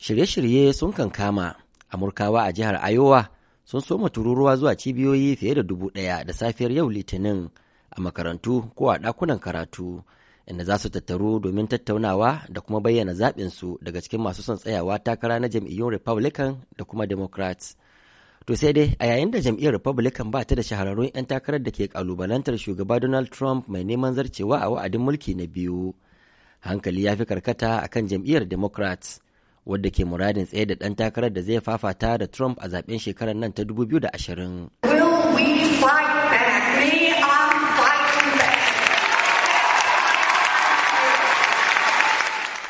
Shirye-shirye sun kankama, Amurkawa a jihar ayowa sun soma tururuwa zuwa cibiyoyi fiye da dubu ɗaya da safiyar yau Litinin a makarantu ko a ɗakunan karatu, inda za su tattaru domin tattaunawa da kuma bayyana zaɓinsu daga cikin masu son tsayawa takara na jam'iyyun Republican da kuma Democrats. To sai dai a yayin da jam'iyyar Republican ba ta da shahararrun 'yan takarar da ke kalubalantar shugaba Donald Trump mai neman zarcewa a wa'adin mulki na biyu. Hankali ya fi karkata a kan jam'iyyar Democrats wadda ke muradin tsaye da ɗan takarar da zai fafata da Trump a zaben shekarar nan ta 2020.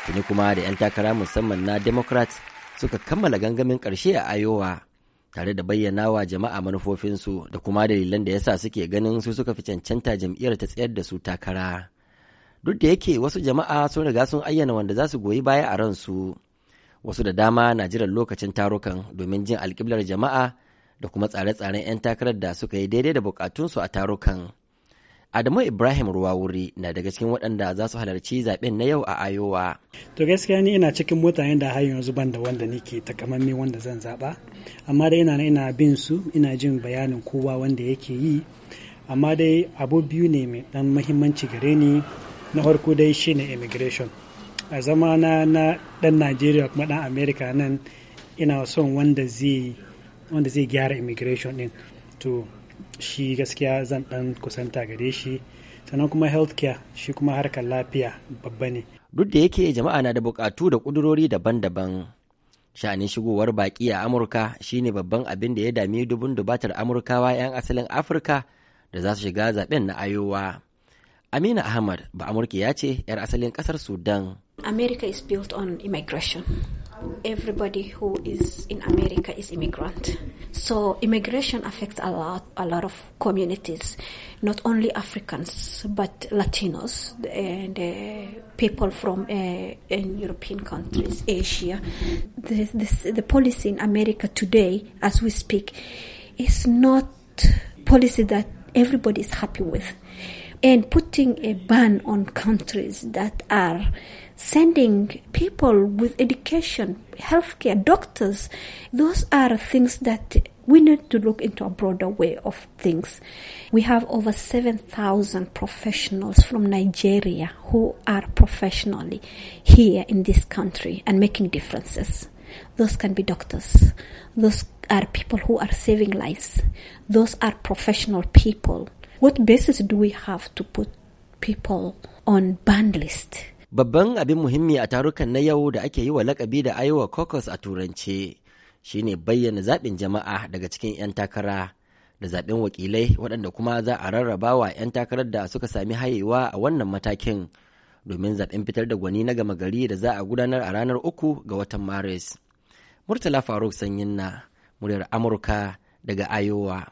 Tuni kuma da 'yan takara musamman na Democrats suka kammala gangamin ƙarshe a ayowa, tare da bayyana wa jama'a manufofinsu da kuma dalilan da yasa suke ganin su suka fi cancanta jam'iyyar ta tsayar da su takara. Duk da yake wasu jama'a sun riga sun ayyana wanda za su goyi baya a ransu. wasu da dama na jiran lokacin tarukan domin jin alkiblar jama'a da kuma tsare-tsaren 'yan takarar da suka yi daidai da bukatunsu a tarukan adamu ibrahim ruwa wuri na daga cikin waɗanda za su halarci zaɓen na yau a ayowa to gaskiya ni ina cikin mutane da har yanzu ban da wanda nake takamammi wanda zan zaɓa amma dai ina ina bin su ina jin bayanin kowa wanda yake yi amma dai abu biyu ne mai ɗan muhimmanci gare ni na farko dai shine immigration a zama na ɗan dan najeriya kuma dan amerika nan ina son wanda zai wanda zai gyara immigration din to shi gaskiya zan dan kusanta gare shi sannan kuma healthcare shi kuma harkar lafiya babba ne duk da yake jama'a na da bukatu da kudurori daban-daban sha'anin shigowar baki a amurka shine babban abin da ya dami dubun dubatar amurkawa 'yan asalin afirka da za su shiga zaben na ayowa Amina Ahmad ba Amurka ya asalin kasar Sudan. America is built on immigration. Everybody who is in America is immigrant. So immigration affects a lot, a lot of communities, not only Africans but Latinos and uh, people from uh, European countries, Asia. The, this, the policy in America today, as we speak, is not policy that everybody is happy with and putting a ban on countries that are sending people with education, healthcare, doctors. Those are things that we need to look into a broader way of things. We have over 7,000 professionals from Nigeria who are professionally here in this country and making differences. Those can be doctors. Those are people who are saving lives. Those are professional people what basis do we have to put people on banned list babban abin muhimmi a tarukan na yau da ake yi wa lakabi da Iowa caucus a turance shine bayyana zaɓin jama'a daga cikin 'yan takara da zaɓen wakilai waɗanda kuma za a rarraba wa 'yan takarar da suka sami hayewa a wannan matakin domin zaɓen fitar da gwani na gama gari da za a gudanar a ranar uku ga watan maris murtala faruk sanyin na muryar amurka daga iowa.